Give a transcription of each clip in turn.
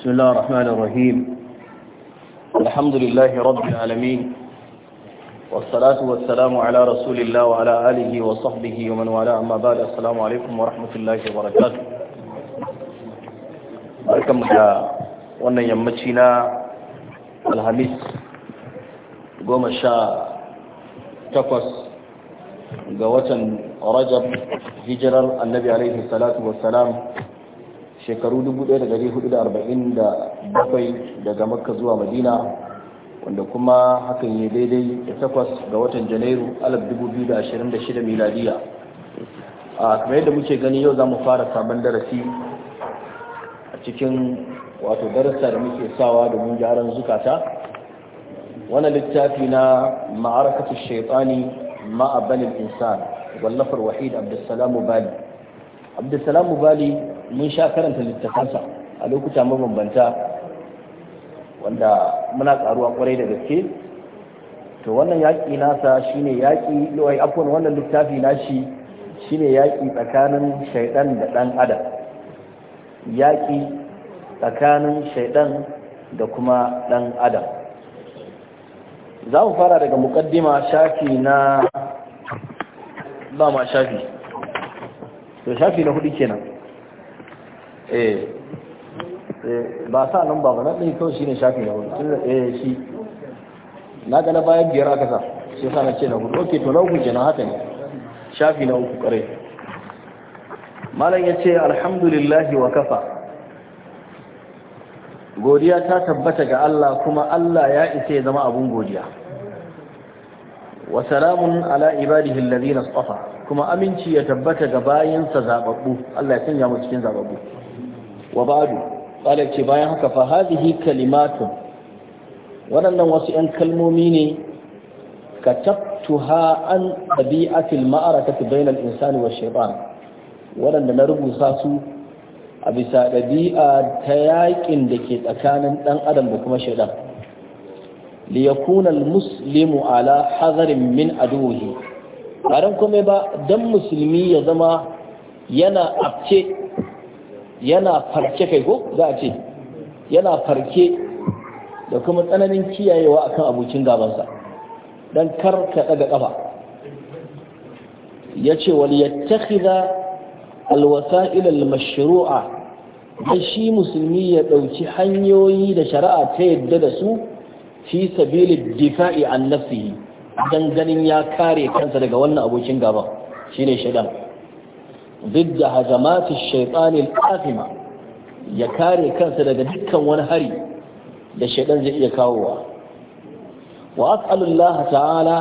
بسم الله الرحمن الرحيم الحمد لله رب العالمين والصلاة والسلام على رسول الله وعلى آله وصحبه ومن والاه أما بعد السلام عليكم ورحمة الله وبركاته barkanmu da wannan yammaci na alhamis goma sha takwas ga watan rajab hijirar annabi alaihi salatu wassalam shekaru 1447 daga makka zuwa madina wanda kuma hakan yi daidai da takwas ga watan janairu 2026 miladiya a kamar yadda muke gani yau za mu fara sabon darasi a cikin wato darasa da muke sawa domin gyaran zukata wani littafi na ma'arakatu shaitani ma'a banin insan wallafar wahid abdulsalamu bali abdulsalamu bali mun sha karanta littafansa a lokuta mabambanta wanda muna karuwa kwarai da gaske to wannan yaƙi nasa shine yaƙi wai afon wannan littafi nashi shine yaƙi tsakanin shaidan da ɗan adam yaƙi tsakanin shaidan da kuma ɗan adam za mu fara daga muƙaddima shafi na ba ma shafi to shafi na hudu kenan Eh, eh ba sa nan ba na ɗaya kawai shine shafi na hudu tun da eh shi na ga na bayan biyar aka sa sai sa na ce na hudu ok to na uku kenan haka ne shafi na uku kare malam ya ce alhamdulillahi wa kafa godiya ta tabbata ga Allah kuma Allah ya isa ya zama abun godiya wa salamun ala ibadihi alladhina safa kuma aminci ya tabbata ga bayinsa zababbu Allah ya sanya mu cikin zababbu wa ba'du ce bayan haka fa hazihi kalimatun waɗannan wasu 'yan kalmomi ne ka tabtuha an tabi'atil ma'arakati bainal insani wa shaytan waɗanda na rubuta su a bisa ɗabi'a ta yaƙin da ke tsakanin ɗan adam da kuma shaidan liyakunan muslimu ala hazarin min aduhi ba don kome ba don musulmi ya zama yana afce yana farke kai ko za a ce yana farke da kuma tsananin kiyayewa akan abokin gabansa don kar ka daga kafa ya ce wal yattakhidha alwasa'il almashru'a dan shi musulmi ya ɗauki hanyoyi da shari'a ta yadda da su fi sabilid difa'i an nafsihi don ganin ya kare kansa daga wannan abokin gaban shine shaidan ضد هجمات الشيطان الآثمة ya kare kansa daga dukkan wani hari da shaidan zai iya kawowa wa as'alullaha ta'ala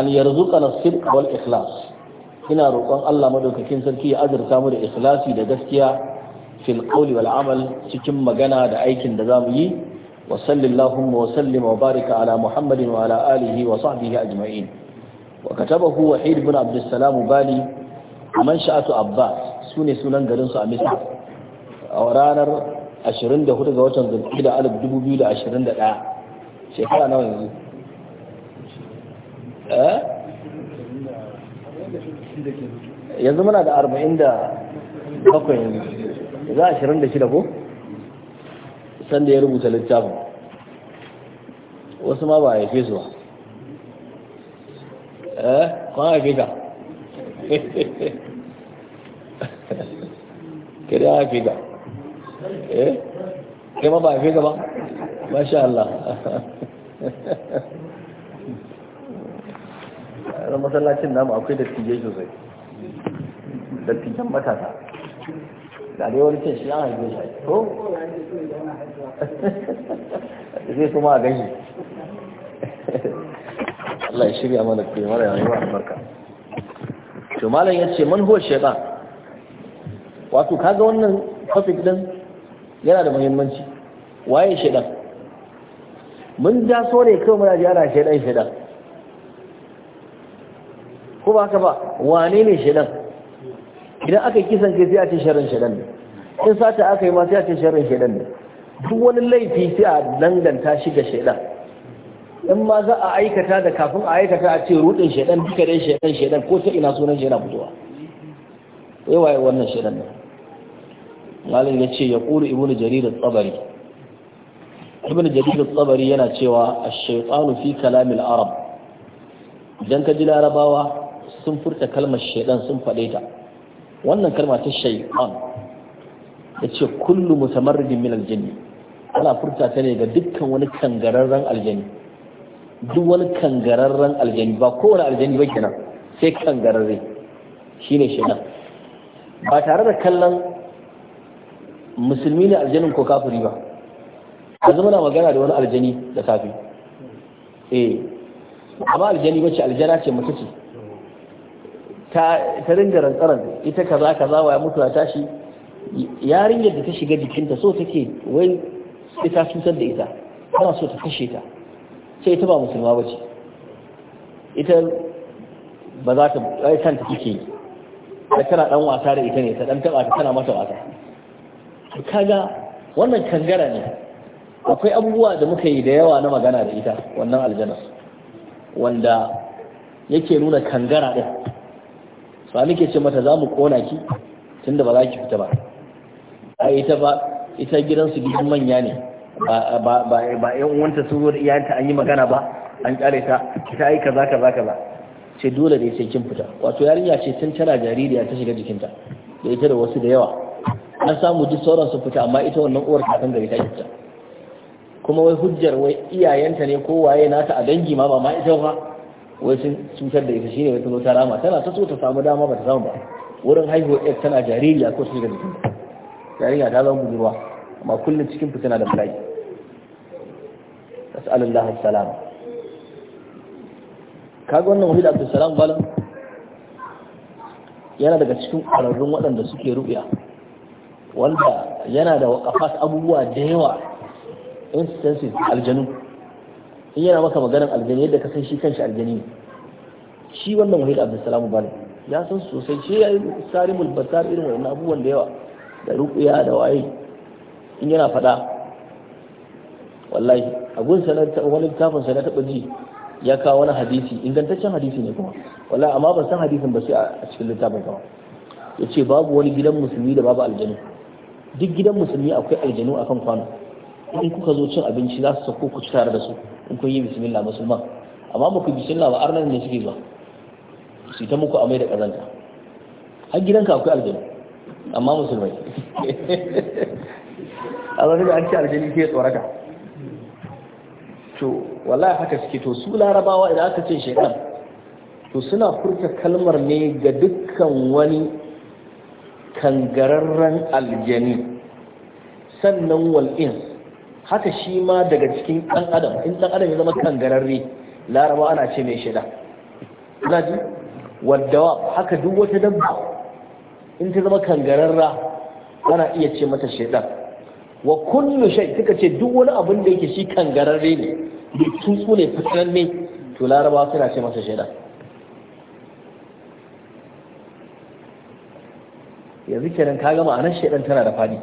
an yarzuqana as-sidq wal ikhlas ina roƙon Allah madaukakin sarki ya azurta mu da ikhlasi da gaskiya fil qawli wal amal cikin magana da aikin da zamu yi wa sallallahu wa sallima wa barika ala muhammadin wa ala alihi wa sahbihi ajma'in wa katabahu wahid ibn abdussalam bali man sha'atu abba su ne sunan garinsu a misa a ranar 24 ga watan zulhida alif 2021 shekara nawa yanzu eh? yanzu muna da 47 yanzu za a 26 ko sanda ya rubuta littafin wasu ma ba a haife su ba eh kwan haife ka kai ya fi ga eh kai ma ba fi ga ba masha Allah ran masallacin namu akwai da tije sosai da tijen matasa da dai wani cin shi an haife shi ko zai kuma a gani Allah ya shirya mana kuma mara yawa albarka to malam ya ce man huwa shaitan wato kaga wannan topic din yana da muhimmanci waye shaitan mun ja so ne kawai muna ji ana shaitan shaitan ko ba ka ba wane ne shaitan idan aka kisan kai sai a ce sharrin shaitan ne in sata aka yi ma sai a ce sharrin shaitan ne duk wani laifi sai a danganta shi ga shaitan in ma za a aikata da kafin a aikata a ce rudin shaidan duka dai shaidan shaidan ko ta ina sunan shi yana fitowa waye wannan shaidan nan malam ya ce ya qulu ibnu jarir at-tabari ibnu jarir tabari yana cewa ash-shaytanu fi kalam al-arab idan ka ji larabawa sun furta kalmar shaidan sun faɗe ta wannan kalma ta shaytan ya ce kullu mutamarridin min al-jinni ana furta ta ne ga dukkan wani kangararren aljanni. duk wani kangararren aljani ba kowane aljani ba kenan sai kangararre shine shaitan ba tare da kallon musulmi ne aljanin ko kafiri ba a zama na magana da wani aljani da safi eh amma aljani ce, aljana ce mutu ce ta ringa rantsaran ita kaza kaza waya mutu ta tashi yarinyar da ta shiga jikinta so take wai ita ta cutar da ita tana so ta kashe ta ce ita ba musulma ba ce ita ba za ta ɗai kanta take yi da tana dan wasa da ita ne ta dan taɓa ta tana mata wasa kaga wannan kangara ne akwai abubuwa da muka yi da yawa na magana da ita wannan aljanar wanda yake nuna kangara ɗin ba nake ce mata za mu kona ki tunda ba za ki fita ba a ita ba ita gidansu gidan manya ne ba yan uwanta sun zo da iyayenta an yi magana ba an kyale ta ta yi kaza kaza kaza ce dole ne sai kin fita wato yarinya ce tun tana jaririya ta shiga jikinta da ita da wasu da yawa an samu duk sauran su fita amma ita wannan uwar kafin gari ta fita kuma wai hujjar wai iyayenta ne ko waye nata a dangi ma ba ma ita ba wai sun cutar da ita shine wai ta zo rama tana ta so ta samu dama ba ta samu ba wurin haihuwar tana jaririya ko shiga jikinta jaririya ta zama budurwa amma kullum cikin fitina da bala'i lahar salam kaga wannan wahid abdul salam balan yana daga cikin ƙwararrun waɗanda suke rubiya wanda yana da waƙafas abubuwa da yawa instances aljanu in yana maka maganar aljani yadda ka san shi kanshi aljani shi wannan wahid salam bal ya san sosai shi ya yi tsarin mulbatar irin wannan abubuwan da yawa da ruqya da waye in yana faɗa wallahi a wani littafin sa na taɓa ji ya kawo wani hadisi ingantaccen hadisi ne kuma wallahi amma ban san hadisin ba sai a cikin littafin kuma ya ce babu wani gidan musulmi da babu aljanu duk gidan musulmi akwai aljanu akan kwano in kuka zo cin abinci za su sako ku ci tare da su in kun yi bismillah musulman amma ba ku bismillah ba arnan ne suke zuwa su ta muku amai da kazanta har gidanka akwai aljanu amma musulmai a zafi da an ci aljani sai ya tsorata to wallahi haka suke to su larabawa idan aka ce shekar to suna furta kalmar ne ga dukkan wani kangararren aljani sannan wal'in haka shi ma daga cikin ɗan adam in ɗan adam ya zama kangararre Larabawa ana ce mai shida ina ji waddawa haka duk wata dabba in ta zama kangararra ana iya ce mata shaidan wa kullu shay suka ce duk wani abin da yake shi kangararre ne tutsu ne ne to laraba suna ce masa shaida yanzu kenan ka gama anan shaidan tana da fadi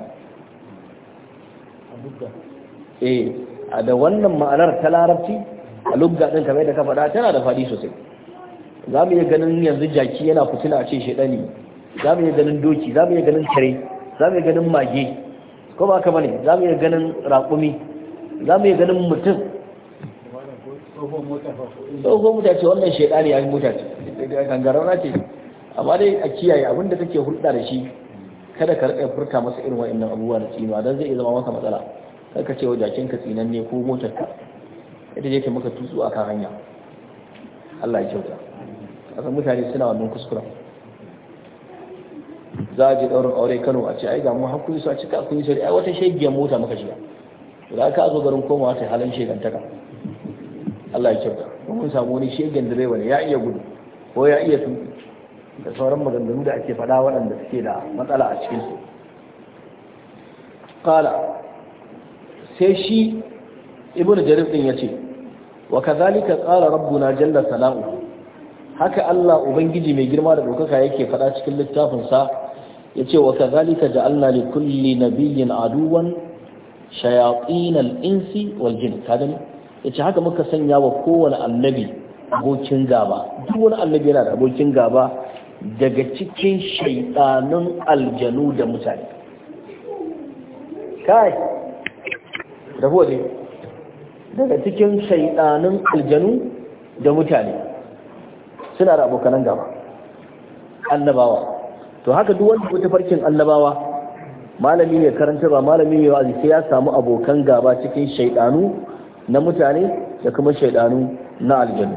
eh a da wannan ma'anar ta larabci a lugga din kamar da ka faɗa tana da fadi sosai za mu iya ganin yanzu jaki yana fitina a ce shaidani za mu iya ganin doki za mu iya ganin kare za mu iya ganin mage ko ba ka bane za mu iya ganin raƙumi za mu iya ganin mutum tsohon mota ce wannan shaidani ya yi mota ce na ce amma dai a kiyaye abinda take hulɗa da shi kada ka rika furta masa irin wa'annan abubuwa da tsinuwa don zai iya zama masa matsala kar ka ce wa jakin ka tsinan ne ko motar ka ita je ka maka tutsu a kan hanya Allah ya kyauta kasan mutane suna wannan kuskuren za a je ɗaurin aure kano a ce ai ga mu har kun a cika kun yi shari'a ai wata shegiyar mota muka shiga da ka zo garin komawa ta halin shegantaka Allah ya kyauta mun samu wani shegen direba ne ya iya gudu ko ya iya tuki da sauran maganganu da ake faɗa waɗanda suke da matsala a cikin su qala sai shi ibnu jarir din yace wa kadhalika qala rabbuna jalla sala'u haka Allah ubangiji mai girma da ɗaukaka yake faɗa cikin littafinsa ya ce wa kazalika ja'alna li kulli nabiyyin aduwan al insi wal jin kadan yace haka muka sanya wa kowane annabi abokin gaba duk wani annabi yana da abokin gaba daga cikin shaytanun aljanu da mutane kai da daga cikin shaidanun aljanu da mutane suna da abokanan gaba annabawa to haka duk wanda kuke farkin annabawa malami ne karanta ba, malami ne wa'azi sai ya samu abokan gaba cikin shaidanu na mutane da kuma shaidanu na aljanu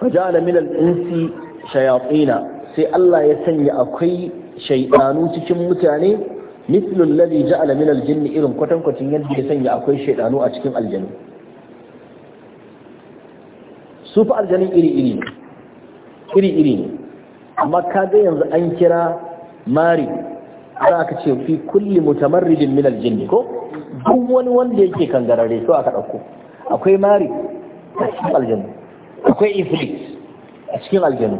faja'ala min al-insi shayatina sai Allah ya sanya akwai shaidanu cikin mutane mislul ladhi ja'ala min al-jinni irin kwatankwacin yadda ya sanya akwai shaidanu a cikin aljanu su fa aljanin iri-iri ne iri-iri ne amma kaga yanzu an kira mari za ka ce fi kulli mutamarrijin min aljinni ko duk wani wanda yake kangarare to aka dauko akwai mari a cikin aljanu. akwai ifrit a cikin aljanu.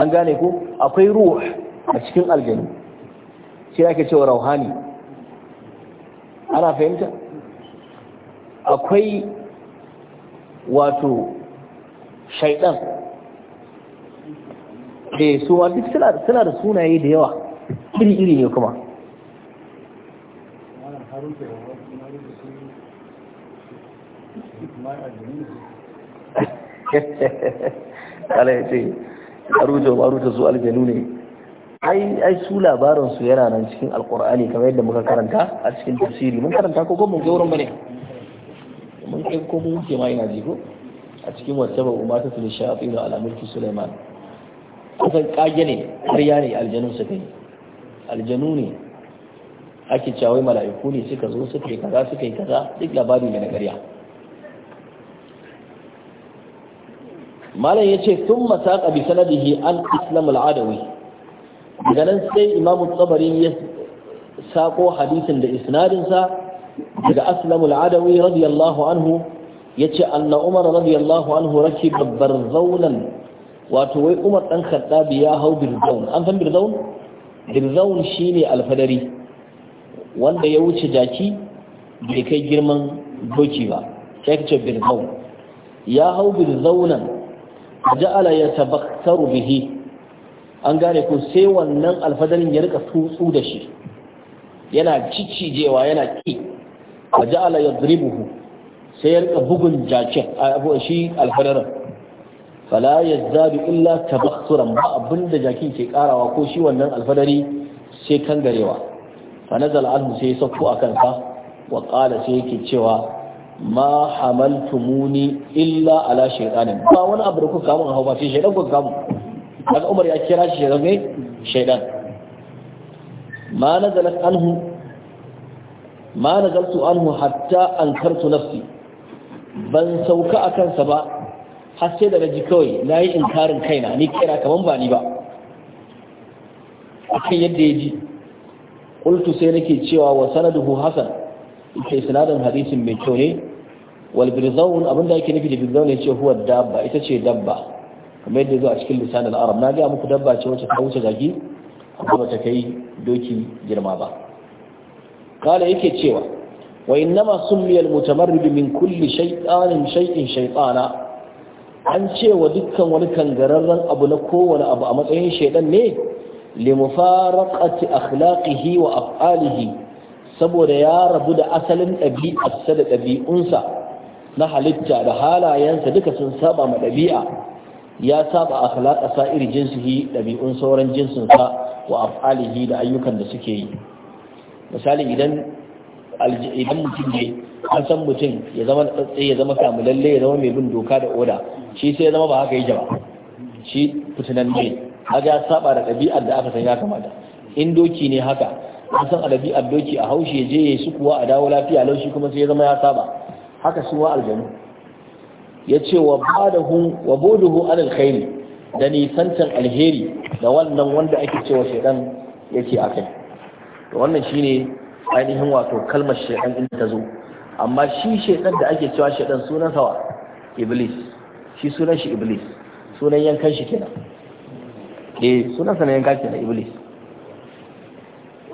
an gane ko akwai ruh a cikin aljanu sai ake cewa rauhani ana fahimta akwai wato shaidan eh, da su suwa duk suna da sunaye da yawa iri-iri ne kuma ala ya ce arujo marujo su aljanu ne ai ai su labaransu yana nan cikin alkur'ani kamar yadda muka karanta a cikin tafsiri mun karanta ko ko mun ba bane mun kai ko mun ke ma ina jiko a cikin wasaba umma ta fili shayatin ala mulki Suleiman, kusan kage ne ƙarya ne aljanun suka yi aljanu ne ake cawai mala'iku ne suka zo suka yi kaza suka yi kaza duk labari ne na ƙarya malam ya ce sun masaƙa bi sanadihi an islam al'adawi daga nan sai imamu tsabari ya sako hadisin da isnadinsa daga aslam al'adawi radiyallahu anhu ce anna umar radiyallahu anhu babbar zaunan. wato wai umar ɗan khattabi ya hau birzaun an san birzaun birzaun shine alfadari wanda ya wuce jaki bai kai girman doki ba sai kace birzaun ya hau birzaunan ja'ala yatabakkaru bihi an gane ko sai wannan alfadarin ya rika tutsu da shi yana ciccijewa yana ki wa ja'ala yadribuhu sai ya bugun jakin abu shi alfadaran fala zabi illa tabassuran ba abinda jakin ke karawa ko shi wannan alfadari sai kan garewa fa nazal anhu sai ya sauko akan sa wa qala sai yake cewa ma hamaltumuni illa ala shaytanin ba wani abu da kuka kamun a hau, ba sai shaydan kuka kamun daga umar ya kira shi shaydan ne shaydan ma nazalat anhu ma nazaltu anhu hatta ankartu nafsi ban sauka a kansa ba har sai da na ji kawai na yi inkarin kaina ni kira kaman ba ni ba akan yadda ya ji ƙultu sai nake cewa wa sanaduhu hasan ke sinadin hadisin mai kyau ne wal abinda yake nufi da birzaun ya ce huwa dabba ita ce dabba kamar yadda a cikin lisanin arab na gaya muku dabba ce wacce ta wuce zaki kuma ta kai doki girma ba kala yake cewa wa innama summiyal mutamarrid min kulli shaytanin shaikin shaytana an ce wa dukkan wani kangararren abu na kowane abu a matsayin shaidan ne li mufaraqati akhlaqihi wa af'alihi saboda ya rabu da asalin ɗabi'arsa da ɗabi'unsa na halitta da halayensa duka sun saba ma ɗabi'a ya saba akhlaqa sa'ir jinsihi ɗabi'un sauran jinsinsa wa af'alihi da ayyukan da suke yi misali idan idan mutum ne an san mutum ya zama tsatse ya zama samu lalle ya zama mai bin doka da oda shi sai ya zama ba haka yake ba shi fitinan ne ya saba da ɗabi'ar da aka san ya kamata in doki ne haka an san a ɗabi'ar doki a haushe je ya su kuwa a dawo lafiya laushi kuma sai ya zama ya saba haka suwa aljanu ya ce wa badahu wa boduhu alal khairi da nisantan alheri da wannan wanda ake cewa shaidan yake akai wannan shine ainihin wato kalmar shaidan in ta zo amma shi shaidan da ake cewa shaidan sunan sawa iblis shi sunan shi iblis sunan yankan shi kenan eh sunan sa yankan na iblis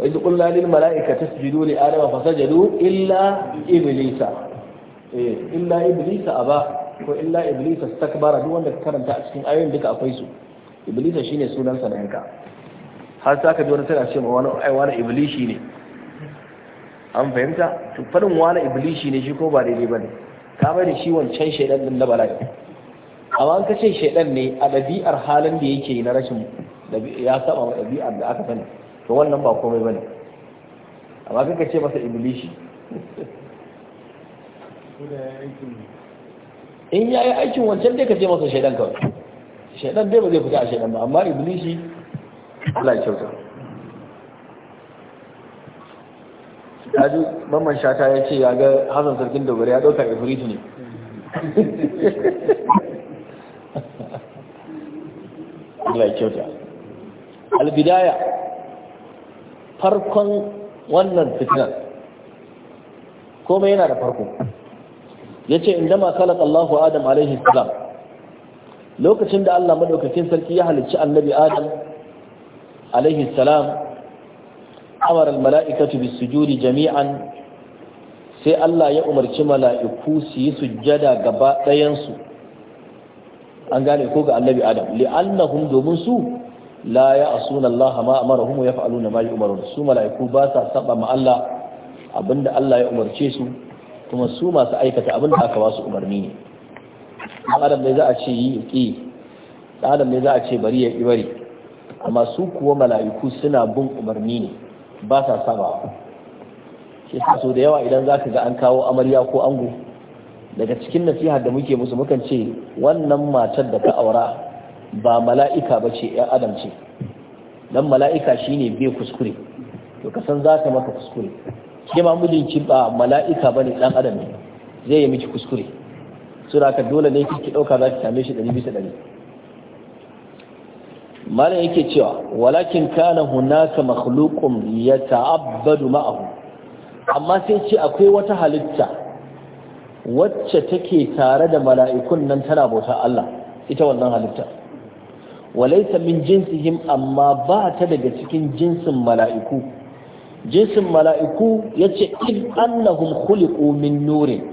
wa idh qulna lil mala'ikati isjudu li adama fasajadu illa iblisa eh illa iblisa aba ko illa iblisa istakbara duk wanda karanta a cikin ayoyin duka akwai su iblisa ne sunan sa yanka har sai aka ji wani tana ce ma wani ai wani shi ne an fahimta to fadin wani iblishi ne shi ko ba daidai ba ne ka bari shi wancan shaidan din na bala'i amma an kace shaidan ne a ɗabi'ar halin da yake na rashin ya saba wa ɗabi'ar da aka sani to wannan ba komai bane amma kanka ce masa iblishi in ya yi aikin wancan dai ka ce masa shaidan kawai shaidan dai ba zai fita a shaidan ba amma iblishi Allah ya kyauta kaji mamman shata ya ce ya ga hazan sarkin da dogara ya ɗauka ifrit ne Allah kyauta albidaya farkon wannan fitinan komai yana da farko ya ce inda ma salat Allahu Adam alaihi salam lokacin da Allah madaukakin sarki ya halicci annabi Adam alaihi salam amara almala'ikatu bisujudi jami'an sai Allah ya umarci mala'iku su yi sujjada gaba ɗayan su an gane ko ga annabi adam li'annahum domin su la ya asuna Allah ma amarahum ya fa'aluna ma yu'marun su mala'iku ba sa saba ma Allah abinda Allah ya umarce su kuma su masu aikata abinda aka ba su umarni ne dan adam ne za a ce yi ki dan adam ne za a ce bari ya yi bari amma su kuwa mala'iku suna bin umarni ne ba sa saba shi sa da yawa idan za ka ga an kawo amarya ko ango daga cikin nasiha da muke musu mukan ce wannan matar da ka aura ba mala'ika ba ce ‘yan adam ce don mala'ika shi ne bai kuskure to ka san za ta maka kuskure ke ma mijinki ba mala'ika ba ne ɗan adam ne zai yi miki kuskure su da dole ne kiki ɗauka za ki same shi ɗari bisa ɗari malam yake cewa walakin kana hunaka makhluqum yata'abbadu ma'ahu amma sai ce akwai wata halitta wacce take tare da mala'ikun nan tana bauta Allah ita wannan halitta walaysa min jinsihim amma ba ta daga cikin jinsin mala'iku jinsin mala'iku yace in annahum khuliqu min nurin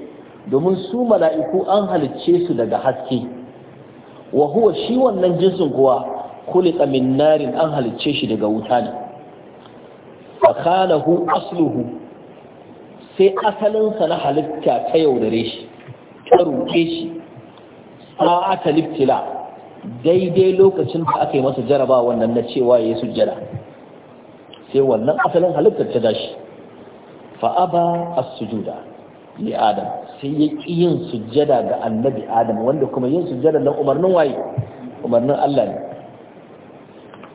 domin su mala'iku an halicce su daga haske wa huwa shi wannan jinsin kuwa khuliqa min narin an halicce shi daga wuta ne Fakanahu khalahu asluhu sai asalin sa na halitta ta yaudare shi ta ruke shi sa'ata liftila daidai lokacin da aka yi masa jaraba wannan na cewa ya sujjada sai wannan asalin halittar ta dashi fa a as-sujuda li adam sai ya ƙi yin sujjada ga annabi adam wanda kuma yin sujjada na umarnin waye umarnin Allah ne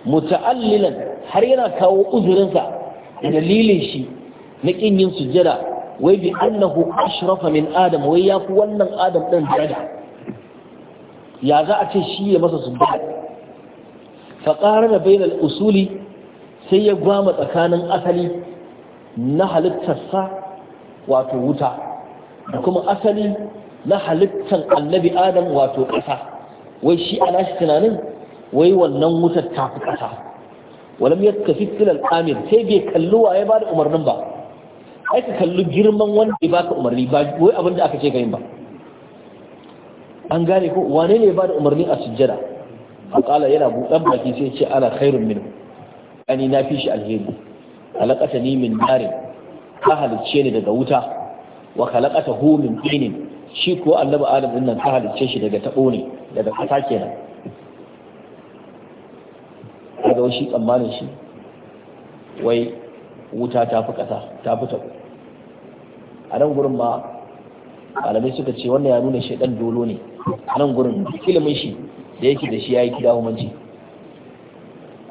muta'allilan har yana kawo uzurinsa dalilin shi na kin yin sujjada wai bi annahu ashrafa min adam wai ya fi wannan adam ɗin daraja ya za a ce shi ya masa sujjada fa qarana bainal usuli sai ya gwama tsakanin asali na halittarsa wato wuta da kuma asali na halittar annabi adam wato ƙasa wai shi a nashi tunanin wai wannan wutar ta fi ƙasa walam ya kafi filal amir sai bai kalli waye ba da umarnin ba ai ka kalli girman wanda ya baka umarni ba wai abin da aka ce ka yin ba an gane ko wane ne ba da umarni a sujjada faƙala yana buɗan baki sai ce ana khairun min ani na fi shi alheri halakata ni min narin ka halicce ni daga wuta wa halakata hu min shi ko annabi adam din nan ka halicce shi daga taɓo ne daga ƙasa kenan kaga shi tsammanin shi wai wuta ta fi ƙasa ta fi taɓo a nan gurin ba, alamai suka ce wannan ya nuna shaidan dolo ne a nan gurin ilimin shi da yake da shi ya yi kida humanci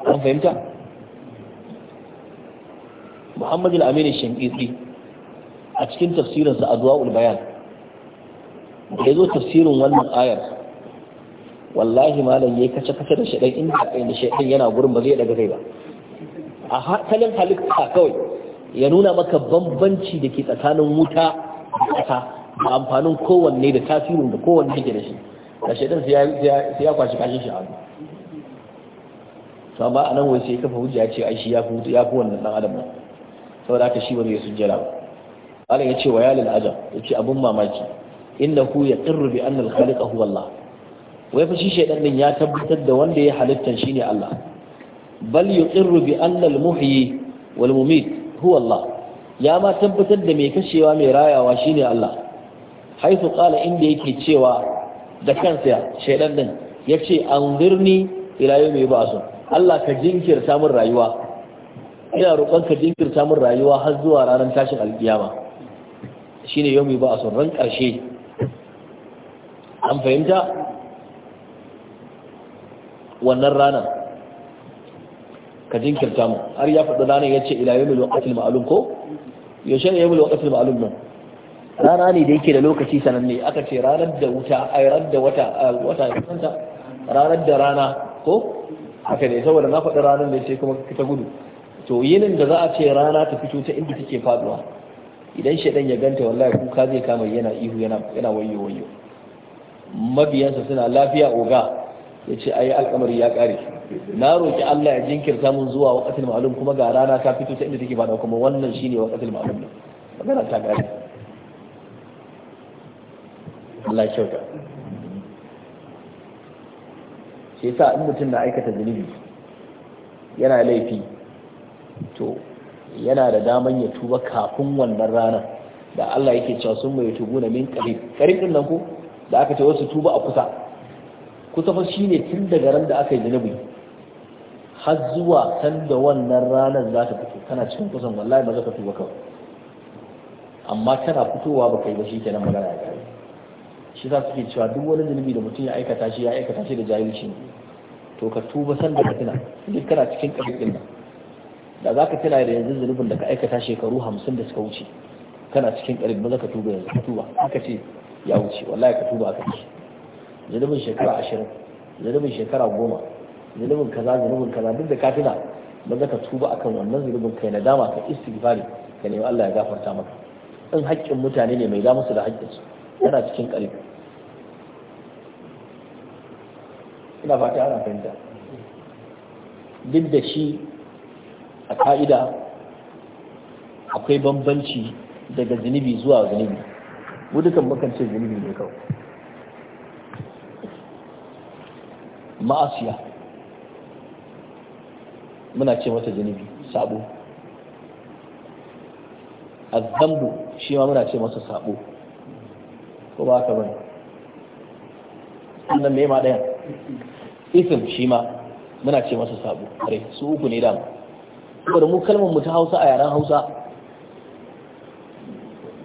an fahimta muhammad al-aminu shankisi a cikin tafsirinsa a zuwa ulbayan da ya zo tafsirin wannan ayar wallahi malam yayi kace kace da shedan in kai da shedan yana gurin ba zai daga kai ba a hakalin halitta kawai ya nuna maka bambanci da ke tsakanin wuta da ƙasa da amfanin kowanne da tasirin da kowanne yake da shi da shedan sai ya kwashi kashin shi a wani to anan wai sai kafa hujja ce ai shi ya fi ya fi wannan dan adam saboda haka shi ba zai sujjara ba Allah ya ce wa ya lil ajab yace abun mamaki innahu yaqirru bi anna al khaliqa huwa Allah wai fa shi shaidan din ya tabbatar da wanda ya halitta shine Allah bal yuqirru bi anna al-muhyi wal mumit huwa Allah ya ma tabbatar da mai kashewa mai rayawa shine Allah haifu kala inda yake cewa da kansa shaidan din ya ce ila yawmi ba'sun Allah ka jinkirta min rayuwa ina roƙon ka jinkirta min rayuwa har zuwa ranar tashin alkiyama shine yawmi ba'sun ran ƙarshe an fahimta wannan ranar ka jinkirta mu har ya faɗi ranar ya ce ilayen mil wakatil ma'alum ko yaushe ne ya mil wakatil ma'alum nan rana ne da yake da lokaci sananne aka ce ranar da wuta a ranar da wata wata ranar da rana ko haka ne saboda na faɗi ranar da ya ce kuma ta gudu to yinin da za a ce rana ta fito ta inda take faduwa idan shaidan ya ganta wallahi kuka zai kama yana ihu yana wayo wayo mabiyansa suna lafiya oga ya ce ayi alkamari ya kare na roki Allah ya jinkirta mun zuwa waqatul ma'lum kuma ga rana ta fito ta inda take da kuma wannan shine waqatul ma'lum magana ta kare Allah ya kyauta shi yasa in mutum na aikata zunubi yana laifi to yana da daman ya tuba kafin wannan rana da Allah yake cewa sun mai tubu na min karib karin nan ko da aka ce wasu tuba a kusa kusa fa shine tun daga ran da aka yi zunubi har zuwa san da wannan ranar za ta fito kana cikin kusan wallahi ba za ka tuba kawai amma tana fitowa ba kai ba shi kenan magana ya kare shi za su ke cewa duk wani zunubi da mutum ya aikata shi ya aikata shi da jahilci ne to ka tuba san da ka tuna duk kana cikin ƙarfin nan da za ka tuna da yanzu zunubin da ka aikata shekaru hamsin da suka wuce kana cikin ƙarfin ba za ka tuba yanzu ka tuba aka ce ya wuce wallahi ka tuba aka ce zunubin shekara ashirin zunubin shekara goma zunubin kaza zunubin kaza duk da kafina tuna za ka tuba akan wannan zunubin kai na dama ka istighfari ka nemi Allah ya gafarta maka in haƙƙin mutane ne mai da su da haƙƙinsu yana cikin ƙarfi ina fata ana fahimta duk da shi a ka'ida akwai bambanci daga zunubi zuwa zunubi mu dukan mukan ce zunubi ne kawai ma'asiya muna ce mata zunubi sabo azzambu shi ma muna ce masa sabo ko ba ka bane annan me ma isim shi ma muna ce masa sabo kare su uku ne dama saboda mu kalmar mu ta hausa a yaren hausa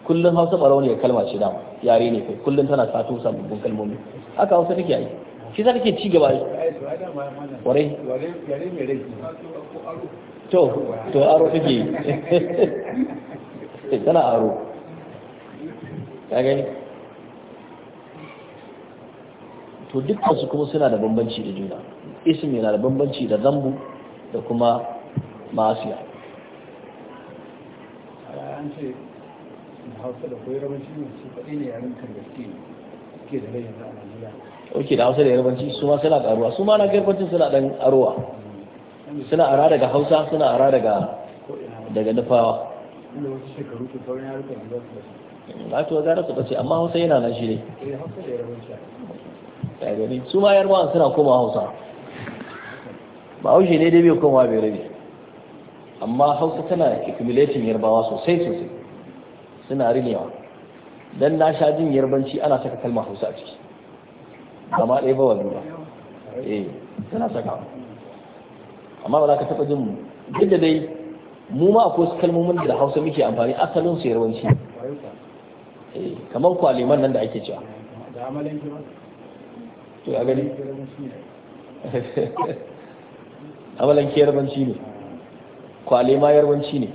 kullum hausa ɓarau ne kalma ce dama yare ne kai kullum tana sato sabbin kalmomi haka hausa take yi shi za ke ci gaba warai to to aro suke yi tana aro Ya gani to dukkansu kuma suna da bambanci da juna ismi na da bambanci da zambu da kuma masiya an ce hausa da koyar ne su kaɗai ne yaren kan gaske ke da rai yanzu a najeriya oke da hausa da yarbanci su ma suna karuwa su ma na garbancin suna dan aruwa suna ara daga hausa suna ara daga daga dafawa na to gara su bace amma hausa yana nan shi ne ta eh, su ma yarbawa suna koma hausa ba haushe ne dai bai koma bai rabe amma hausa tana accumulating yarbawa sosai sosai suna rinewa dan na sha jin yarbanci ana saka kalmar hausa a ciki kama ɗaya ba wani ba eh tana saka amma ba za ka taɓa jin mu duk da dai mu ma akwai wasu kalmomin da hausa muke amfani asalin su yarwanci eh, kamar kwaliman nan da ake cewa to ya gani amalanke yarbanci ne kwalema yarbanci ne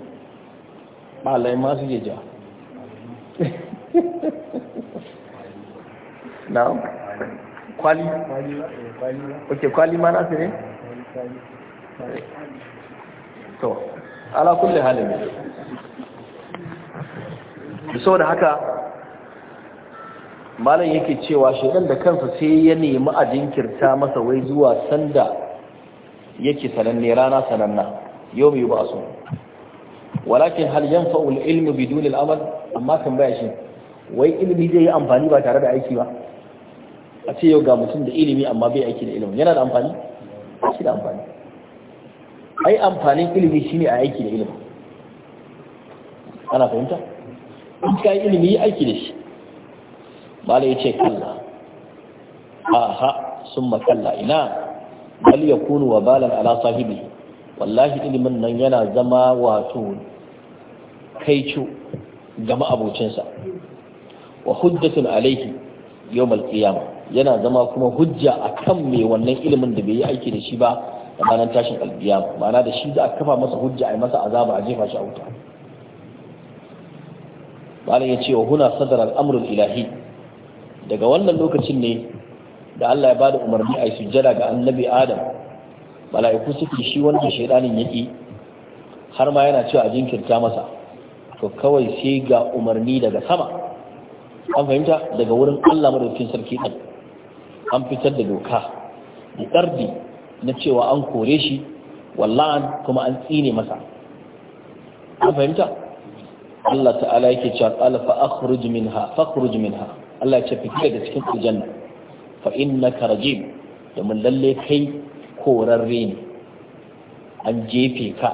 ma su ke ja na'am Eh, kwali ok kwali ma na sire? to ala kulle halin da saboda haka malam yake cewa shaidan da kansa sai ya nemi a jinkirta masa wai zuwa sanda yake sananne rana sananna yau mai ba su walakin hal yanfa'ul ilmu bidun al-amal amma kan baya wai ilmi zai yi amfani ba tare da aiki ba a ce yau ga mutum da ilimi amma bai aiki da ilimin yana da amfani shi da amfani ai amfanin ilimi shine a aiki da ilimin ana fahimta in ka yi ilimi aiki da shi Bala ya ce kalla aha sun makalla ina bal ya kunu wa balan ala sahibi wallahi ilimin nan yana zama wato kaicu ga ma'abocinsa wa hujjatun alaihi yawmal qiyamah yana zama kuma hujja akan mai wannan ilimin da bai yi aiki da shi ba ranar tashin albiya ma'ana da shi za a kafa masa hujja a yi masa azaba a jefa shi a wuta malam ya ce wa huna sadar al'amrul ilahi daga wannan lokacin ne da Allah ya ba da umarni a yi sujjada ga annabi adam mala'iku suke shi wanda shaidanin yaki har ma yana cewa a jinkirta masa to kawai sai ga umarni daga sama an fahimta daga wurin Allah madaukin sarki ɗin an fitar da doka da ƙarfi na cewa an kore shi wallahan kuma an tsine masa an fahimta Allah ta'ala yake cewa qala fa akhruj minha fakhruj minha Allah ya ce fita daga cikin aljanna fa innaka rajim domin lalle kai korarre ne an jefe ka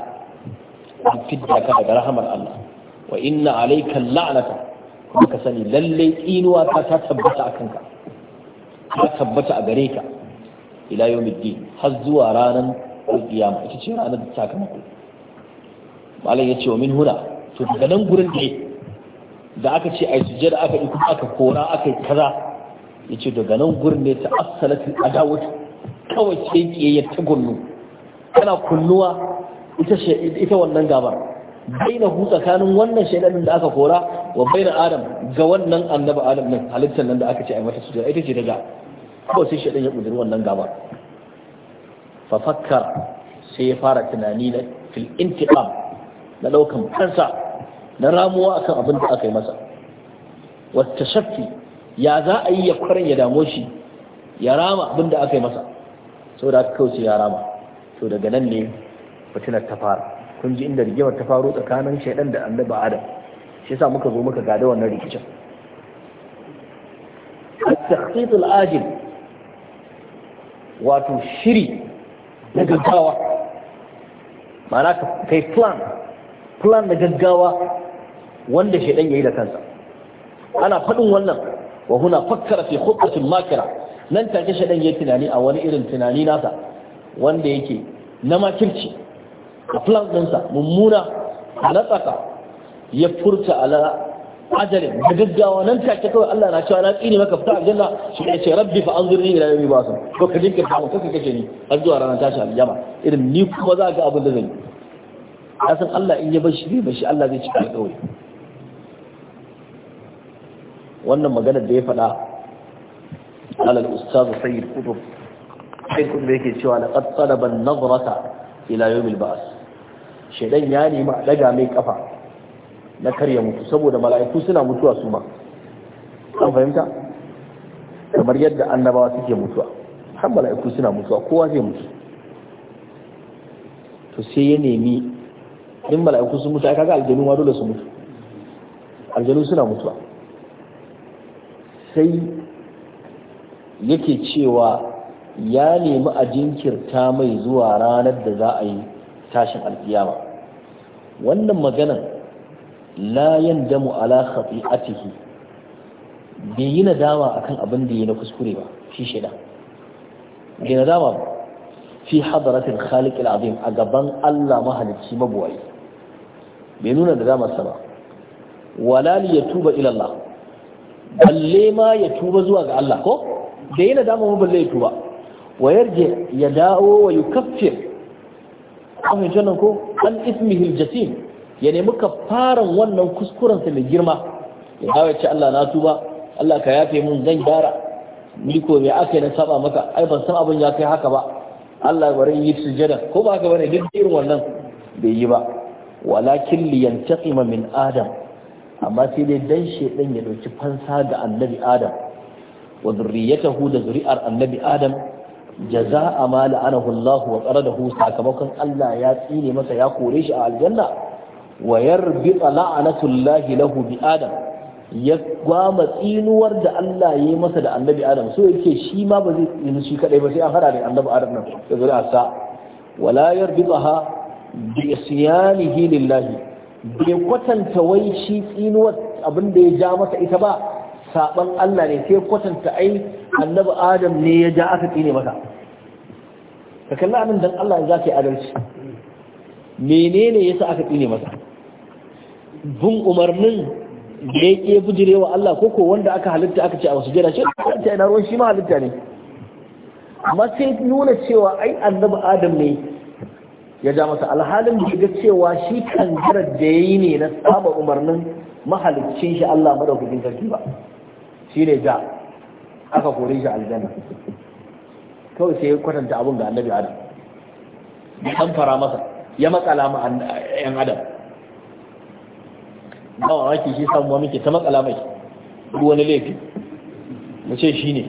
an fidda ka daga rahamar Allah wa inna alayka la'nata kuma ka sani lalle tsinuwa ta ta tabbata akan ka ta tabbata a gare ka ila yau yawmiddin har zuwa ranar alƙiyama ita ce ranar da sakamako malam ya ce wa min huna to daga nan gurin ne da aka ce a suje sujjada aka yi kuma aka kora aka yi kaza ya ce daga nan gurin ne ta asalatin adawatu kawai ce kiyayya ta gunnu kana kunnuwa ita ita wannan gabar baina hu tsakanin wannan shaidanin da aka kora wa baina adam ga wannan annabi adam nan halittar nan da aka ce yi mata sujjada ita ce daga kawai sai shaidan ya kudiri wannan gaba Fafakkar sai ya fara tunani na fil intiqam na ɗaukan kansa na ramuwa akan abin da aka yi masa wata shafi ya za a yi ya kwarin ya damo shi ya rama abin da aka yi masa sau da aka ya rama to daga nan ne fitinar ta fara kun ji inda rigimar ta faro tsakanin shaidan da annaba adam shi sa muka zo muka gada wannan rikicin at-takhsit ajil wato shiri na gaggawa ma'ana kai plan plan na gaggawa wanda shaidan yayi da kansa ana faɗin wannan wa huna fakkara fi khutbatin makira nan take shaidan yayi tunani a wani irin tunani nasa wanda yake na makirci a plan ɗinsa mummuna na tsaka ya furta ala ajalin da gaggawa nan take kawai Allah na cewa na tsini maka fita aljanna shi ya ce rabbi fa anzurni ila yawmi ba'th Ko ka jinka ta mutum kake ni har zuwa ranar tashi aljama irin ni kuma za ga abin da zan yi kasan Allah in ya bar bai shi Allah zai cika alƙawari wannan magana da ya faɗa alal ustaz sayyid kutub sayyid kutub yake cewa laqad talaba an-nazrata ila yawmi al-ba'th shedan ya nemi a daga mai kafa na karya mutu saboda mala'iku suna mutuwa su ma an fahimta kamar yadda annabawa suke mutuwa har mala'iku suna mutuwa kowa zai mutu to sai ya nemi in mala'iku sun mutu ai kaga aljanu ma dole su mutu aljanu suna mutuwa sai yake cewa ya nemi a jinkirta mai zuwa ranar da za a yi tashin alkiyama wannan maganar. la yandamu ala khati'atihi bai yi nadama akan abin da yi na kuskure ba shi shida bai nadama ba fi hadaratin khaliq al-azim a gaban Allah mahalicci mabuwayi bai nuna da damarsa ba wala li yatuba ila Allah balle ma ya tuba zuwa ga Allah ko bai yi nadama ba balle ya tuba wa yarje ya dawo wa yukaffir an hujjanan ko an ismi jasim ya nemi kafaran wannan kuskurensa mai girma ya dawo ya ce Allah na tuba Allah ka yafe mun zan gyara ni ko me aka na saba maka ai ban san abin ya kai haka ba Allah bari yi sujada ko ba haka bane duk irin wannan bai yi ba walakin liyantaqima min adam amma sai dai dan shedan ya dauki fansa ga annabi adam wa zurriyatahu da zuri'ar annabi adam a ma la'anahu Allah wa qaradahu sakamakon Allah ya tsine masa ya kore shi a aljanna wa yarbita la'anatullahi lahu bi adam ya gwama tsinuwar da Allah ya yi masa da annabi adam so yake shi ma ba zai tsinu shi kadai ba sai an fara da annabi adam nan da zuri'a sa wala yarbitaha bi isyanihi lillahi bai kwatanta wai shi tsinuwar abin da ya ja masa ita ba saban Allah ne sai kwatanta ai annabi adam ne ya ja aka tsine masa ka kalla abin dan Allah ya zaka yi adalci menene yasa aka tsine masa bin umarnin da ya ke bujire wa Allah ko wanda aka halitta aka ce a wasu jira shi halitta yana ruwan shi ma halitta ne amma sai nuna cewa ai annabi adam ne ya ja masa alhalin da ga cewa shi kan jira da ya yi ne na saba umarnin mahalicin shi Allah madaukakin sarki ba shi ne ja aka kore shi aljanna kawai sai ya kwatanta abun ga annabi adam ya fara masa ya matsala ma yan adam ba ake shi samuwa muke ta matsala mai wani laifi mu ce shi ne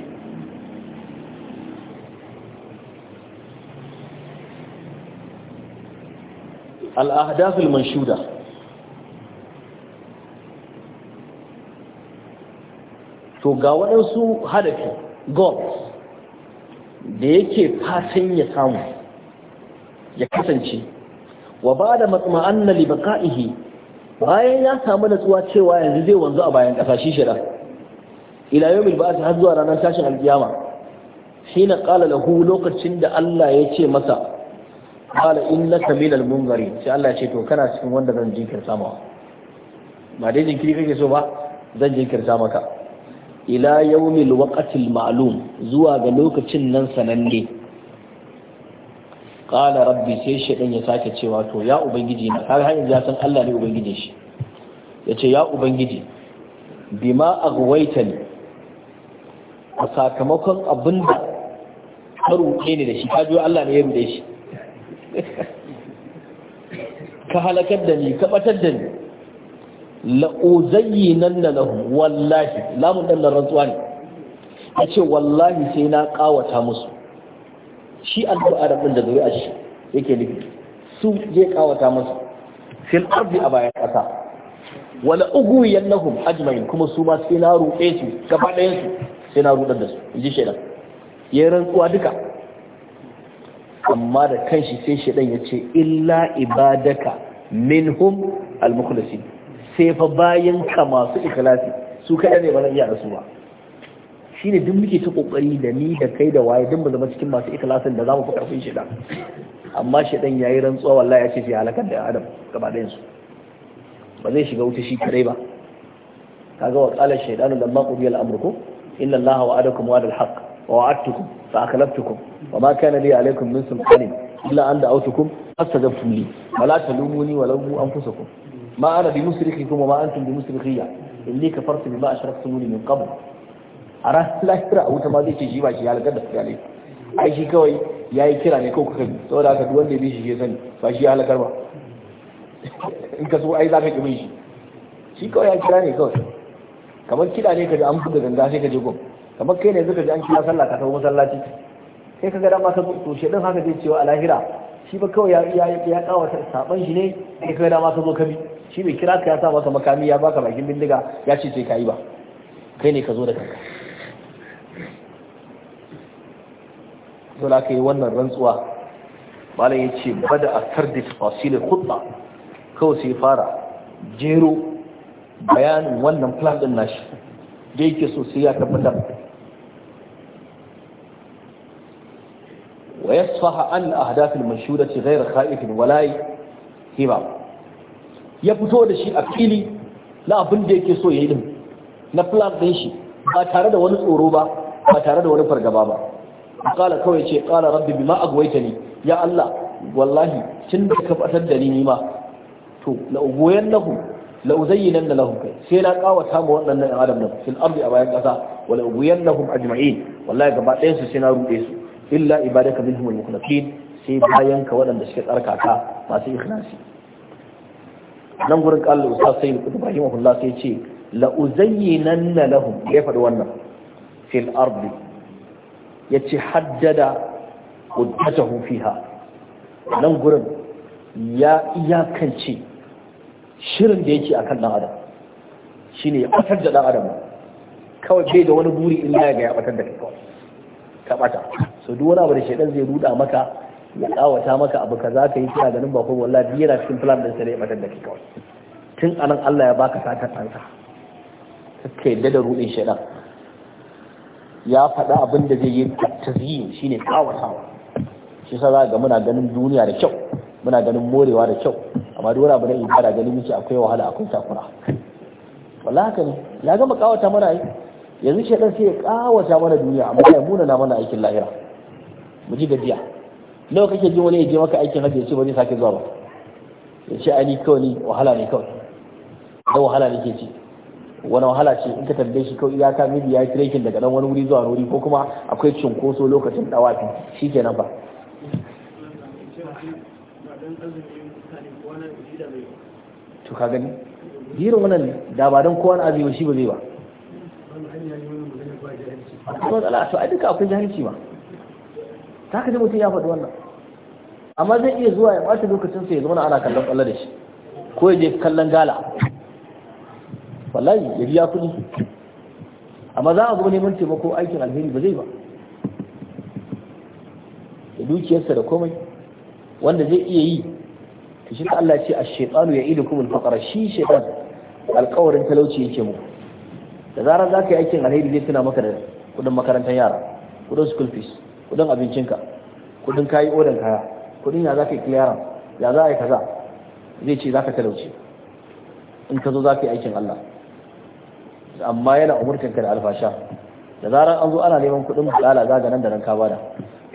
al'adafil manshuda to ga waɗansu hadafi goals da yake fatan ya samu ya kasance wa ba da matsama'an na libaka'ihi bayan ya samu natsuwa cewa yanzu zai wanzu a bayan ƙasa shi shira ila yau bil har zuwa ranar tashin Shi na ƙala lahu lokacin da Allah ya ce masa na innaka minal munzari sai Allah ya ce to kana cikin wanda zan jinkirta ma. ba dai jinkiri kake so ba zan jinkirta maka ila mil waqtil ma'lum zuwa ga lokacin nan sananne qala rabbi sai shaɗin ya sake cewa to ya ubangiji na kaga hanyar ya san Allah ne ubangiji shi Ya ce ya ubangiji bima ma a sakamakon abin da ka ne da shi ka biyo Allah ne ya rude shi ka halakar da ni ka batar da ni nan na lahum wallahi lamun ɗan rantsuwa ne ya ce wallahi sai na ƙawata musu shi annabi adam din da zuri'a shi yake nufi su je kawata masu fil ardi a bayan kasa wala ughwiyannahum ajma'in kuma su ma sai na ruɗe su gaba ɗayan su sai na ruɗar da su inji shedan ya rantsuwa duka amma da kanshi sai shedan ya ce illa ibadaka minhum al sai fa bayan ka masu ikhlasi su kaɗai ne ba zan iya rasuwa. shine duk muke ta kokari da ni da kai da waye duk mu zama cikin masu ikhlasin da zamu fi karfin shi da amma shi ya yayi rantsuwa wallahi ya ce sai halakar da adam gaba ɗayan su ba zai shiga wuta shi kadai ba kaga wa qala shaytanu lamma qudiya al-amru ko inna allaha wa'adakum wa al-haqq wa wa'adtukum fa akhlaftukum wa ma kana li alaykum min sultanin illa an da'awtukum fastajabtum li wa la talumuni wa lamu anfusakum ma ana bi musrikikum wa ma antum bi musrikiyya inni kafartu bima ashraktumuni min qabl a ranar lahira a wuta ma zai ce shi ba shi halakar da mutane ai shi kawai ya yi kira ne ko kuka bi saboda haka duk wanda ya bi shi ke sani ba shi ya halakar ba in ka so ai za ka ƙi shi shi kawai ya kira ne kawai kamar kira ne ka ji an buga ganga sai ka je gom kamar kai ne suka ji an kira sallah ka tafi masallaci sai ka ga dama ka to shi din haka zai cewa a lahira shi ba kawai ya ya ya kawata saban shi ne sai ka ga dama ka zo ka bi shi bai kira ka ya sa masa makami ya baka bakin bindiga ya ce sai ka yi ba kai ne ka zo da kanka sau da aka yi wannan rantsuwa malam ya ce bada a tardis fasilin hudba kawai sai fara jero bayanin wannan plan din nashi da yake so sai ya tabbatar wa yasfaha an ahdafil mashhudati ghayr khaifin wala hiba ya fito da shi a fili na abin da yake so yi din na plan din shi ba tare da wani tsoro ba ba tare da wani fargaba ba kala kawai ce kala rabbi ma bima ni ya Allah wallahi tun da ka fatar da ni ma to la ugoyannahu la uzayyinanna lahum kai sai na kawata ma waɗannan ɗan adam nan fil ardi a bayan ƙasa wa la uguyannahum ajma'in wallahi gaba ɗayan su sai na ruɗe su illa ibadaka minhum al-mukhlasin sai bayan ka waɗanda suke tsarkaka masu ikhlasi nan gurin kallon ustaz sai kudu ibrahim Allah sai ce la uzayyinanna lahum ya faɗi wannan fil ardi yace haddada uddatahu fiha nan gurin ya iyakance shirin da yake akan dan adam shine ya ɓatar da dan adam kawai bai da wani buri in ya ga ya batar da kai ka bata so duk wani abu da shedan zai ruda maka ya kawata maka abu kaza ka yi kira ganin ba ko wallahi yana cikin plan din sai ya batar da kai kawai tun anan Allah ya baka satar ansa ka yadda da rudin shedan ya faɗa abin da zai yi shi shine kawatawa shi sa za ga muna ganin duniya da kyau muna ganin morewa da kyau amma duk wani abu na ibada ganin miki akwai wahala akwai takura wala haka ne ya gama kawata mana yi yanzu shedan sai ya kawata mana duniya amma ya muna na mana aikin lahira mu ji gajiya nawa kake jin wani ya je maka aikin hajji ya ce ba zai sake zuwa ba ya ce ai ni kawai ni wahala ne kawai da wahala ke ci wani wahala ce in ka tambaye shi kawai iyaka mibi ya yi daga ɗan wani wuri zuwa wuri ko kuma akwai cunkoso lokacin dawafi shi ke nan ba to ka gani jirin wannan da ba don kowane azumi shi ba zai ba akwai matsala to ai duka akwai jahilci ma ta ka ji mutum ya faɗi wannan amma zai iya zuwa ya ɓata lokacin sai ya zauna ana kallon ƙwallo da shi ko ya je kallon gala wallahi ya biya kuɗi amma za a zo neman taimako aikin alheri ba zai ba da dukiyarsa da komai wanda zai iya yi ta shi Allah ce ash-shaytanu ya'idukum kuma faqra shi shekar alƙawarin talauci yake mu da zarar za ka yi aikin alheri zai tuna maka da kudin makarantar yara kudin school fees kudin abincinka kudin kayi odan kaya kudin ya za ka yi clearance ya za a yi kaza zai ce za ka talauci in ka zo za ka yi aikin Allah amma yana umurtan ka da alfasha da zarar an zo ana neman kuɗin bulala ga nan da nan ka bada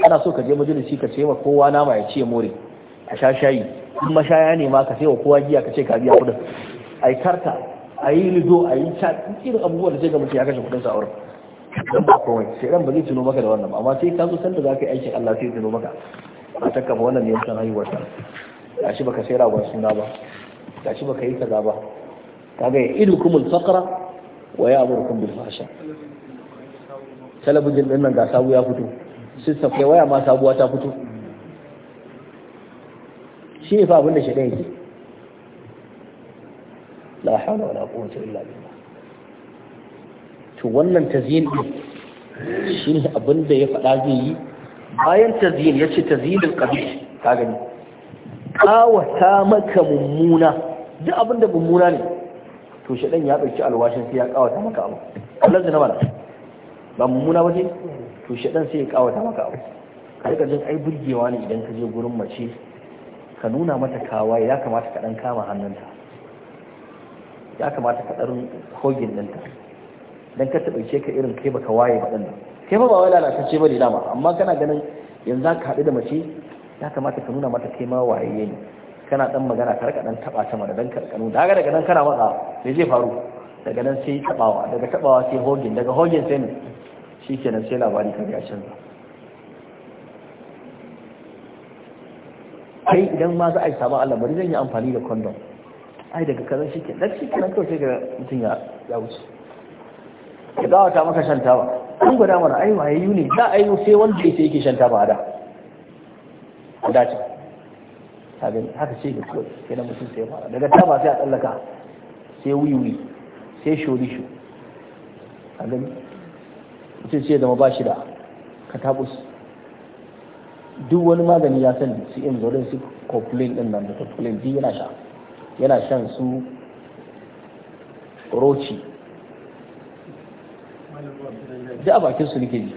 ana so ka je majalisi ka ce wa kowa nama ya ce more a sha shayi in mashaya ne ma ka ce wa kowa giya ka ce ka biya kuɗin ai karta a yi lido a yi cat irin abubuwan da sai ga mutum ya kashe kuɗin sa wurin dan ba komai sai ran ba zai tuno maka da wannan amma sai ka zo san da zaka yi aikin Allah sai tuno maka ba ta kafa wannan ne san haihuwar ta gashi baka sai ragon suna ba gashi baka yi kaza ba kaga idukumul faqra wa ya amurkum bil fahsha talabijin din nan ga sabu ya fito sister kai waya ma sabuwa ta fito shi ne fa abin da shaidan yake la hawla wala quwwata illa billah to wannan tazyin din ne abin da ya faɗa zai yi bayan tazyin ya ce tazyinul qabih ka gani kawata maka mummuna duk abin da mummuna ne to ɗan ya ɗauki alwashin sai ya ƙawata maka abu kallon zina mana ba mummuna ba ce to ɗan sai ya ƙawata maka abu ka jin ai burgewa ne idan ka je gurin mace ka nuna mata kawaye ya kamata ka ɗan kama hannunta ya kamata ka ɗarin hogin ɗinta dan ka taɓaice ka irin kai baka waye ba ɗin kai ba ba wai lalatacce ba ne dama amma kana ganin yanzu ka haɗu da mace ya kamata ka nuna mata kai ma waye ne kana dan magana ka rika dan taba sama da dan karkanu daga daga nan kana matsa sai zai faru daga nan sai tabawa daga tabawa sai hogin daga hogin sai ne shikenan sai labari ka ya canza kai idan ma za a yi sabon Allah bari zan yi amfani da condom ai daga kazan shike dan shike nan kawai sai ga mutum ya ya wuce ka dawo ta maka shan taba an gwada mana ai waye ne za a yi sai wanda yake yake shan taba da dace kaga haka ce ga kawai sai na mutum sai fara daga taba sai a tsallaka sai wiwi sai shorisho a gani mutum sai zama ba shi da katabus duk wani magani ya san su in zorin su kofulin din nan da kofulin duk yana sha yana shan su roci da a bakin su nake ji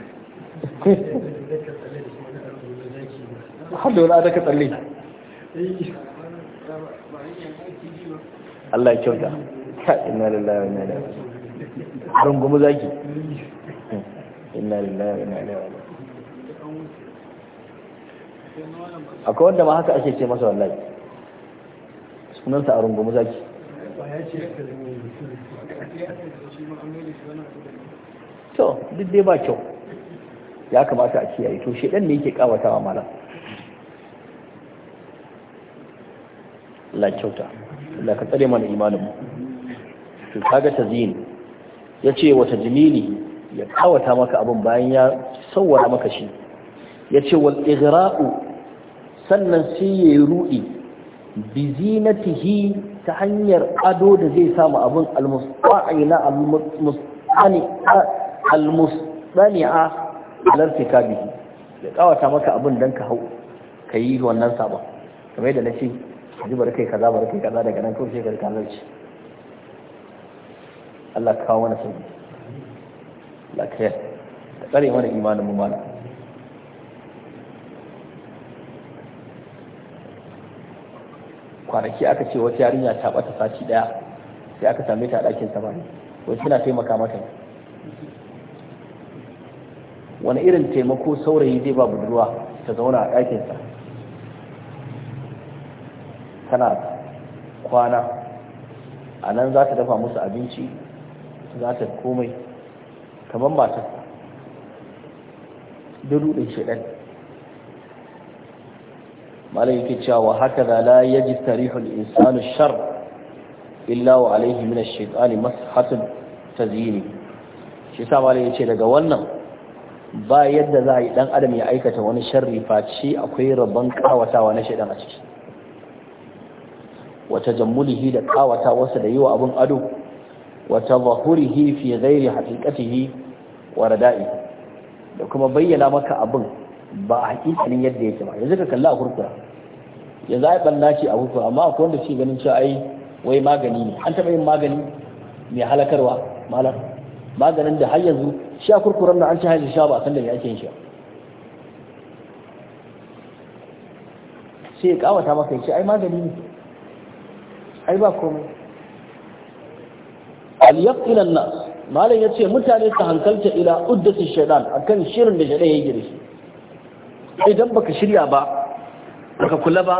har da wani adaka tsalle Allah ya kyauta ka inna lillahi wa inna ilaihi raji'un gumu zaki inna lillahi wa inna ilaihi raji'un akwai wanda ma haka ake ce masa wallahi sa a rungumu zaki to duk dai ba kyau ya kamata a kiyaye to shedan ne yake kawatawa malam Allah kyauta Allah ka tsare mana imanin mu to kaga tazyin yace wata jimili ya kawata maka abin bayan ya sawwara maka shi yace wal ighra'u sannan sai yayi ru'i bi zinatihi ta hanyar ado da zai samu abin al-musta'ina al-mustani'a al ya kawata maka abin dan ka hau kayi wannan sabon kamar yadda nace ji bari kai kaza bari kai kaza daga nan kawai sai ka talauci Allah kawo mana sauki Allah ka yarda tsare mana imanin mu mana kwanaki aka ce wata yarinya ta bata sati daya sai aka same ta a ɗakin samari wai suna taimaka mata wani irin taimako saurayi zai ba budurwa ta zauna a ɗakinsa tana kwana a nan za ta dafa musu abinci za ta komai kamar mata da rudin shaɗan malam yake cewa haka da la yaji tarihul insanu shar illa wa alaihi min ash-shaytani mashatun tazyini shi sa malam yace daga wannan ba yadda za a yi dan adam ya aikata wani sharri face akwai rabon kawatawa na shaidan a ciki wata jammulihi da kawata wasu da yi wa abin ado wata zahurihi fi ghairi haqiqatihi wa rada'i da kuma bayyana maka abin ba a hakikanin yadda yake ba yanzu ka kalla a kurkura yanzu ai balla ce a kurkura amma akwai wanda ce ganin cewa ai wai magani ne an taɓa yin magani mai halakarwa malam maganin da har yanzu shi a kurkuran na an ci hajji sha ba san da ya ake yin shi sai ya kawata maka ya ce ai magani ne ai ba komai al-yaqinan nas malam ce, mutane su hankalta ila uddati shaytan akan shirin da shaytan ya gire shi idan baka shirya ba baka kula ba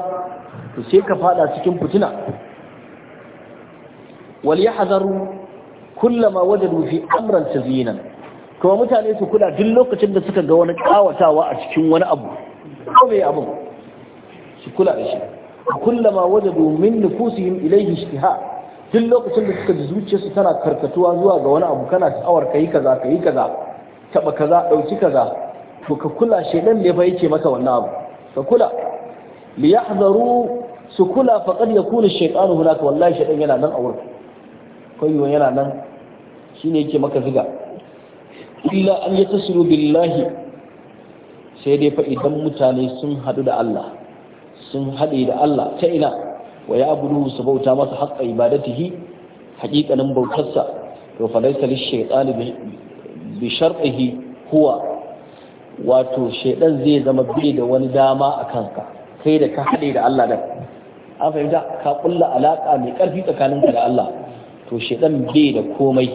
to sai ka fada cikin fitina wal yahzaru kullama rufi fi amran tazyinan kuma mutane su kula duk lokacin da suka ga wani kawatawa a cikin wani abu ko me su kula da shi kullama wajadu min nufusihim ilayhi ishtiha duk lokacin da suka ji zuciyarsu tana karkatuwa zuwa ga wani abu kana sha'awar kai kaza kai kaza taba kaza dauki kaza to ka kula shedan ne fa yake maka wannan abu ka kula li yahzaru su kula faqad yakunu shaytanu hunaka wallahi shedan yana nan a wurin koyo yana nan shine yake maka ziga illa an yatasiru billahi sai dai fa idan mutane sun hadu da Allah sun haɗe da Allah ta ina wa ya abudu su bauta masa haƙƙa ibadatihi haƙiƙanin bautarsa to fa laysa lish bi shar'ihi huwa wato shaydan zai zama bai da wani dama a kanka kai da ka haɗe da Allah da an fahimta ka kulla alaka mai ƙarfi tsakaninka da Allah to shaydan bai da komai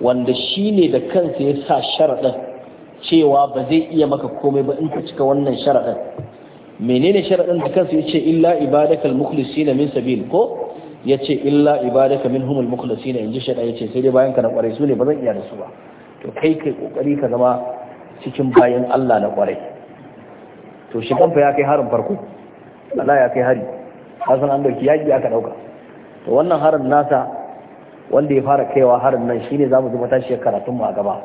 wanda shine da kansa ya sa sharaɗin cewa ba zai iya maka komai ba in ka cika wannan sharaɗin menene sharadin da kansa yace illa ibadakal mukhlisina min sabil ko yace illa ibadaka minhumul mukhlisina inji shada yace sai dai bayan ka na kware su ne ba iya da su ba to kai kai kokari ka zama cikin bayan Allah na kware to shigan fa ya kai harin farko Allah ya kai hari hasan an dauki yaki aka dauka to wannan harin nasa wanda ya fara kaiwa harin nan shine zamu zuba tashi karatun mu a gaba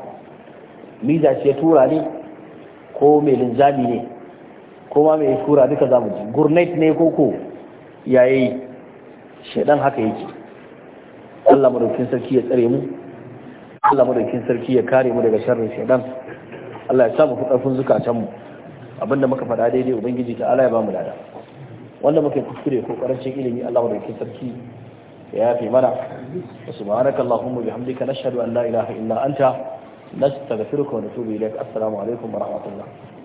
miza ce tura ne ko mai linzami ne kuma mai shura duka zamu ji gurnait ne ko ko yayi shaidan haka yake Allah madaukin sarki ya tsare mu Allah madaukin sarki ya kare mu daga sharrin shaidan Allah ya samu karfin zukatan mu abinda muka faɗa daidai ubangiji ta Allah ya bamu lada wanda muke kuskure ko karancin ilimi Allah madaukin sarki ya yafe mana subhanaka allahumma bihamdika nashhadu an la ilaha illa anta nastaghfiruka wa natubu ilaik assalamu alaikum wa rahmatullah